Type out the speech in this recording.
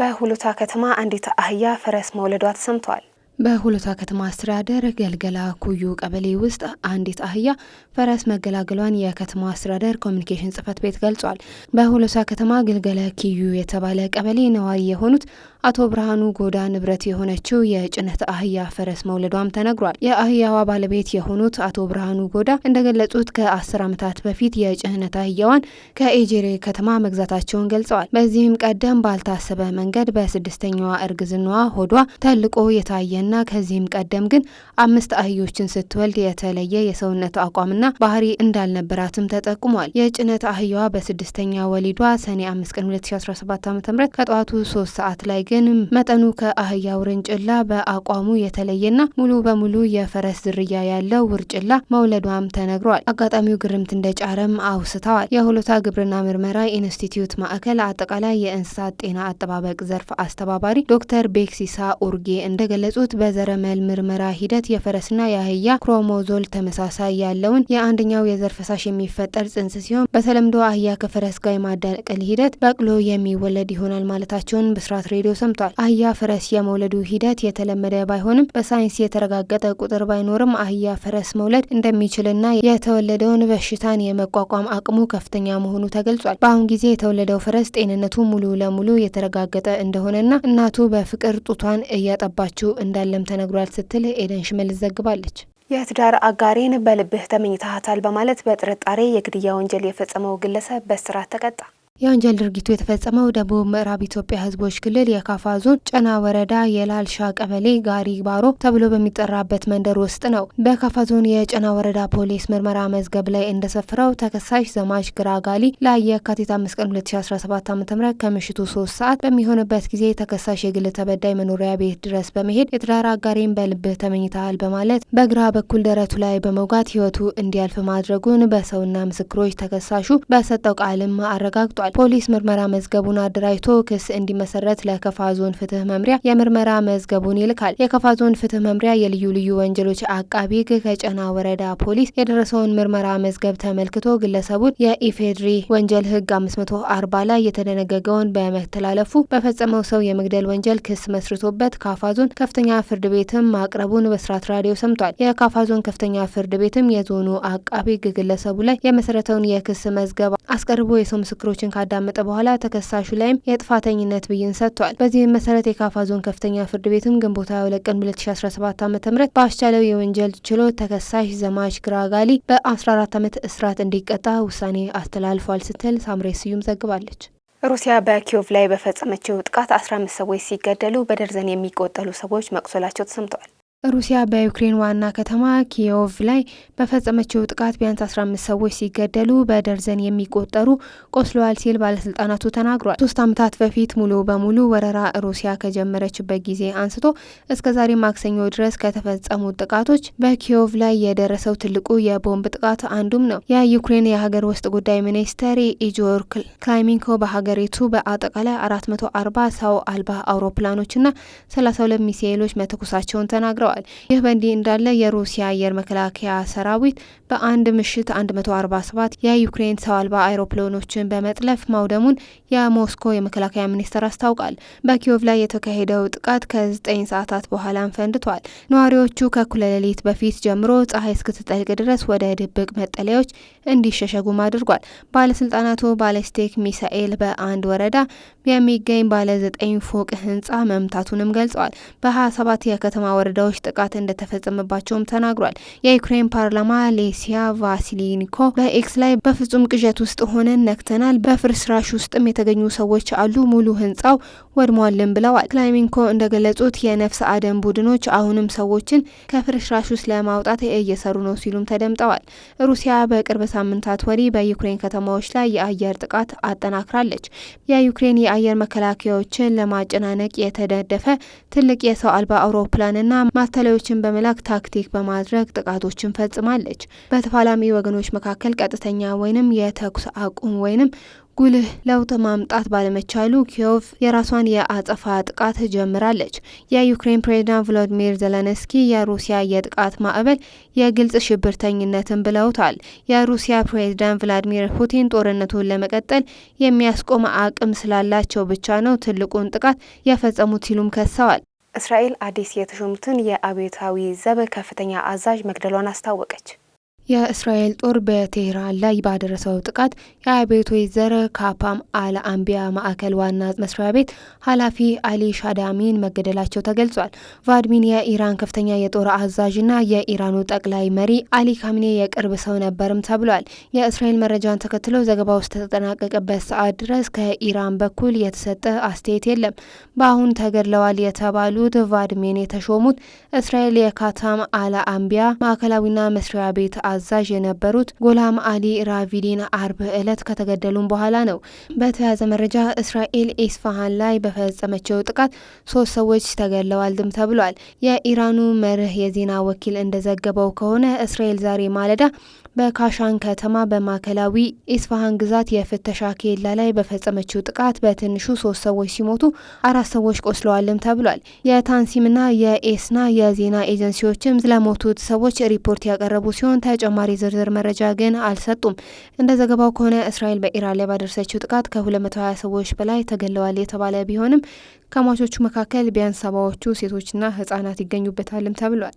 በሁሉታ ከተማ አንዲት አህያ ፈረስ መውለዷ ተሰምቷል። በሆለታ ከተማ አስተዳደር ገልገላ ኩዩ ቀበሌ ውስጥ አንዲት አህያ ፈረስ መገላገሏን የከተማ አስተዳደር ኮሚኒኬሽን ጽህፈት ቤት ገልጿል። በሆለታ ከተማ ገልገለ ኪዩ የተባለ ቀበሌ ነዋሪ የሆኑት አቶ ብርሃኑ ጎዳ ንብረት የሆነችው የጭነት አህያ ፈረስ መውለዷም ተነግሯል። የአህያዋ ባለቤት የሆኑት አቶ ብርሃኑ ጎዳ እንደገለጹት ከአስር ዓመታት በፊት የጭነት አህያዋን ከኤጀሬ ከተማ መግዛታቸውን ገልጸዋል። በዚህም ቀደም ባልታሰበ መንገድ በስድስተኛዋ እርግዝናዋ ሆዷ ተልቆ የታየ ና ከዚህም ቀደም ግን አምስት አህዮችን ስትወልድ የተለየ የሰውነት አቋምና ባህሪ እንዳልነበራትም ተጠቁሟል። የጭነት አህያዋ በስድስተኛ ወሊዷ ሰኔ አምስት ቀን 2017 ዓ ም ከጠዋቱ ሶስት ሰዓት ላይ ግን መጠኑ ከአህያ ውርንጭላ በአቋሙ የተለየና ሙሉ በሙሉ የፈረስ ዝርያ ያለው ውርጭላ መውለዷም ተነግሯል። አጋጣሚው ግርምት እንደጫረም አውስተዋል። የሆለታ ግብርና ምርመራ ኢንስቲትዩት ማዕከል አጠቃላይ የእንስሳት ጤና አጠባበቅ ዘርፍ አስተባባሪ ዶክተር ቤክሲሳ ኡርጌ እንደገለጹት በዘረመል ምርመራ ሂደት የፈረስና የአህያ ክሮሞዞል ተመሳሳይ ያለውን የአንደኛው የዘር ፈሳሽ የሚፈጠር ጽንስ ሲሆን በተለምዶ አህያ ከፈረስ ጋር የማዳቀል ሂደት በቅሎ የሚወለድ ይሆናል ማለታቸውን ብስራት ሬዲዮ ሰምቷል። አህያ ፈረስ የመውለዱ ሂደት የተለመደ ባይሆንም በሳይንስ የተረጋገጠ ቁጥር ባይኖርም አህያ ፈረስ መውለድ እንደሚችልና የተወለደውን በሽታን የመቋቋም አቅሙ ከፍተኛ መሆኑ ተገልጿል። በአሁን ጊዜ የተወለደው ፈረስ ጤንነቱ ሙሉ ለሙሉ የተረጋገጠ እንደሆነና እናቱ በፍቅር ጡቷን እያጠባችው እንዳለ እንዳለም ተነግሯል ስትል ኤደን ሽመልስ ዘግባለች። የትዳር አጋሬን በልብህ ተመኝታሃታል በማለት በጥርጣሬ የግድያ ወንጀል የፈጸመው ግለሰብ በእስራት ተቀጣ። የወንጀል ድርጊቱ የተፈጸመው ደቡብ ምዕራብ ኢትዮጵያ ህዝቦች ክልል የካፋ ዞን ጨና ወረዳ የላልሻ ቀበሌ ጋሪ ባሮ ተብሎ በሚጠራበት መንደር ውስጥ ነው። በካፋ ዞን የጨና ወረዳ ፖሊስ ምርመራ መዝገብ ላይ እንደሰፈረው ተከሳሽ ዘማች ጋሊ ላይ የካቲት አምስት ቀን 2017 ዓ ም ከምሽቱ ሶስት ሰዓት በሚሆንበት ጊዜ ተከሳሽ የግል ተበዳይ መኖሪያ ቤት ድረስ በመሄድ የትዳር አጋሬን በልብህ ተመኝተሃል በማለት በግራ በኩል ደረቱ ላይ በመውጋት ህይወቱ እንዲያልፍ ማድረጉን በሰውና ምስክሮች ተከሳሹ በሰጠው ቃልም አረጋግጧል። ገልጿል። ፖሊስ ምርመራ መዝገቡን አደራጅቶ ክስ እንዲመሰረት ለከፋ ዞን ፍትህ መምሪያ የምርመራ መዝገቡን ይልካል። የከፋ ዞን ፍትህ መምሪያ የልዩ ልዩ ወንጀሎች አቃቢ ከጨና ወረዳ ፖሊስ የደረሰውን ምርመራ መዝገብ ተመልክቶ ግለሰቡን የኢፌድሪ ወንጀል ህግ 540 ላይ የተደነገገውን በመተላለፉ በፈጸመው ሰው የመግደል ወንጀል ክስ መስርቶበት ካፋ ዞን ከፍተኛ ፍርድ ቤትም ማቅረቡን በስራት ራዲዮ ሰምቷል። የካፋ ዞን ከፍተኛ ፍርድ ቤትም የዞኑ አቃቢ ሕግ ግለሰቡ ላይ የመሰረተውን የክስ መዝገብ አስቀርቦ የሰው ምስክሮችን ካዳመጠ በኋላ ተከሳሹ ላይም የጥፋተኝነት ብይን ሰጥቷል። በዚህም መሰረት የካፋ ዞን ከፍተኛ ፍርድ ቤትም ግንቦት 22 ቀን 2017 ዓ ም በአስቻለው የወንጀል ችሎት ተከሳሽ ዘማች ግራጋሊ በ14 ዓመት እስራት እንዲቀጣ ውሳኔ አስተላልፏል ስትል ሳምሬ ስዩም ዘግባለች። ሩሲያ በኪዮቭ ላይ በፈጸመችው ጥቃት 15 ሰዎች ሲገደሉ በደርዘን የሚቆጠሉ ሰዎች መቁሰላቸው ተሰምተዋል። ሩሲያ በዩክሬን ዋና ከተማ ኪዮቭ ላይ በፈጸመችው ጥቃት ቢያንስ 15 ሰዎች ሲገደሉ በደርዘን የሚቆጠሩ ቆስለዋል ሲል ባለስልጣናቱ ተናግሯል። ሶስት ዓመታት በፊት ሙሉ በሙሉ ወረራ ሩሲያ ከጀመረችበት ጊዜ አንስቶ እስከ ዛሬ ማክሰኞ ድረስ ከተፈጸሙ ጥቃቶች በኪዮቭ ላይ የደረሰው ትልቁ የቦምብ ጥቃት አንዱም ነው። የዩክሬን የሀገር ውስጥ ጉዳይ ሚኒስተር ኢጆር ክላይሚንኮ በሀገሪቱ በአጠቃላይ 440 ሰው አልባ አውሮፕላኖችና 32 ሚሳኤሎች መተኮሳቸውን ተናግረዋል። ተናግረዋል። ይህ በእንዲህ እንዳለ የሩሲያ አየር መከላከያ ሰራዊት በአንድ ምሽት 147 የዩክሬን ሰው አልባ አይሮፕላኖችን በመጥለፍ ማውደሙን የሞስኮ የመከላከያ ሚኒስቴር አስታውቃል። በኪዮቭ ላይ የተካሄደው ጥቃት ከ9 ሰዓታት በኋላም ፈንድቷል። ነዋሪዎቹ ከእኩለ ሌሊት በፊት ጀምሮ ፀሐይ እስክትጠልቅ ድረስ ወደ ድብቅ መጠለያዎች እንዲሸሸጉም አድርጓል። ባለስልጣናቱ ባለስቲክ ሚሳኤል በአንድ ወረዳ የሚገኝ ባለ ዘጠኝ ፎቅ ህንጻ መምታቱንም ገልጸዋል። በ27 የከተማ ወረዳዎች ጥቃት እንደተፈጸመባቸውም ተናግሯል። የዩክሬን ፓርላማ ሌሲያ ቫሲሊኒኮ በኤክስ ላይ በፍጹም ቅዠት ውስጥ ሆነን ነክተናል። በፍርስራሽ ውስጥም የተገኙ ሰዎች አሉ። ሙሉ ህንጻው ወድሟልን ብለዋል። ክላይሚንኮ እንደገለጹት የነፍስ አደን ቡድኖች አሁንም ሰዎችን ከፍርስራሽ ውስጥ ለማውጣት እየሰሩ ነው ሲሉም ተደምጠዋል። ሩሲያ በቅርብ ሳምንታት ወዲህ በዩክሬን ከተማዎች ላይ የአየር ጥቃት አጠናክራለች። የዩክሬን የአየር መከላከያዎችን ለማጨናነቅ የተደደፈ ትልቅ የሰው አልባ አውሮፕላንና ማዕከላዊዎችን በመላክ ታክቲክ በማድረግ ጥቃቶችን ፈጽማለች። በተፋላሚ ወገኖች መካከል ቀጥተኛ ወይንም የተኩስ አቁም ወይንም ጉልህ ለውጥ ማምጣት ባለመቻሉ ኪዮቭ የራሷን የአጸፋ ጥቃት ጀምራለች። የዩክሬን ፕሬዚዳንት ቮሎዲሚር ዘለንስኪ የሩሲያ የጥቃት ማዕበል የግልጽ ሽብርተኝነትን ብለውታል። የሩሲያ ፕሬዚዳንት ቭላዲሚር ፑቲን ጦርነቱን ለመቀጠል የሚያስቆም አቅም ስላላቸው ብቻ ነው ትልቁን ጥቃት የፈጸሙት ሲሉም ከሰዋል። እስራኤል አዲስ የተሾሙትን የአብዮታዊ ዘብ ከፍተኛ አዛዥ መግደሏን አስታወቀች። የእስራኤል ጦር በቴህራን ላይ ባደረሰው ጥቃት የአቤት ወይዘር ካፓም አል አንቢያ ማዕከል ዋና መስሪያ ቤት ኃላፊ አሊ ሻዳሚን መገደላቸው ተገልጿል። ቫድሚን የኢራን ከፍተኛ የጦር አዛዥና የኢራኑ ጠቅላይ መሪ አሊ ካሚኔ የቅርብ ሰው ነበርም ተብሏል። የእስራኤል መረጃን ተከትሎ ዘገባው ተጠናቀቀበት ሰዓት ድረስ ከኢራን በኩል የተሰጠ አስተያየት የለም። በአሁን ተገድለዋል የተባሉት ቫድሚን የተሾሙት እስራኤል የካታም አል አንቢያ ማዕከላዊና መስሪያ ቤት አዛዥ የነበሩት ጎላም አሊ ራቪዲን አርብ ዕለት ከተገደሉም በኋላ ነው። በተያያዘ መረጃ እስራኤል ኤስፋሃን ላይ በፈጸመችው ጥቃት ሶስት ሰዎች ድም ተብሏል። የኢራኑ መርህ የዜና ወኪል እንደዘገበው ከሆነ እስራኤል ዛሬ ማለዳ በካሻን ከተማ በማዕከላዊ ኢስፋሃን ግዛት የፍተሻ ኬላ ላይ በፈጸመችው ጥቃት በትንሹ ሶስት ሰዎች ሲሞቱ አራት ሰዎች ቆስለዋልም ተብሏል። የታንሲምና የኤስና የዜና ኤጀንሲዎችም ስለሞቱት ሰዎች ሪፖርት ያቀረቡ ሲሆን ተጨማሪ ዝርዝር መረጃ ግን አልሰጡም። እንደ ዘገባው ከሆነ እስራኤል በኢራን ላይ ባደረሰችው ጥቃት ከ220 ሰዎች በላይ ተገለዋል የተባለ ቢሆንም ከሟቾቹ መካከል ቢያንስ ሰባዎቹ ሴቶችና ህጻናት ይገኙበታልም ተብሏል።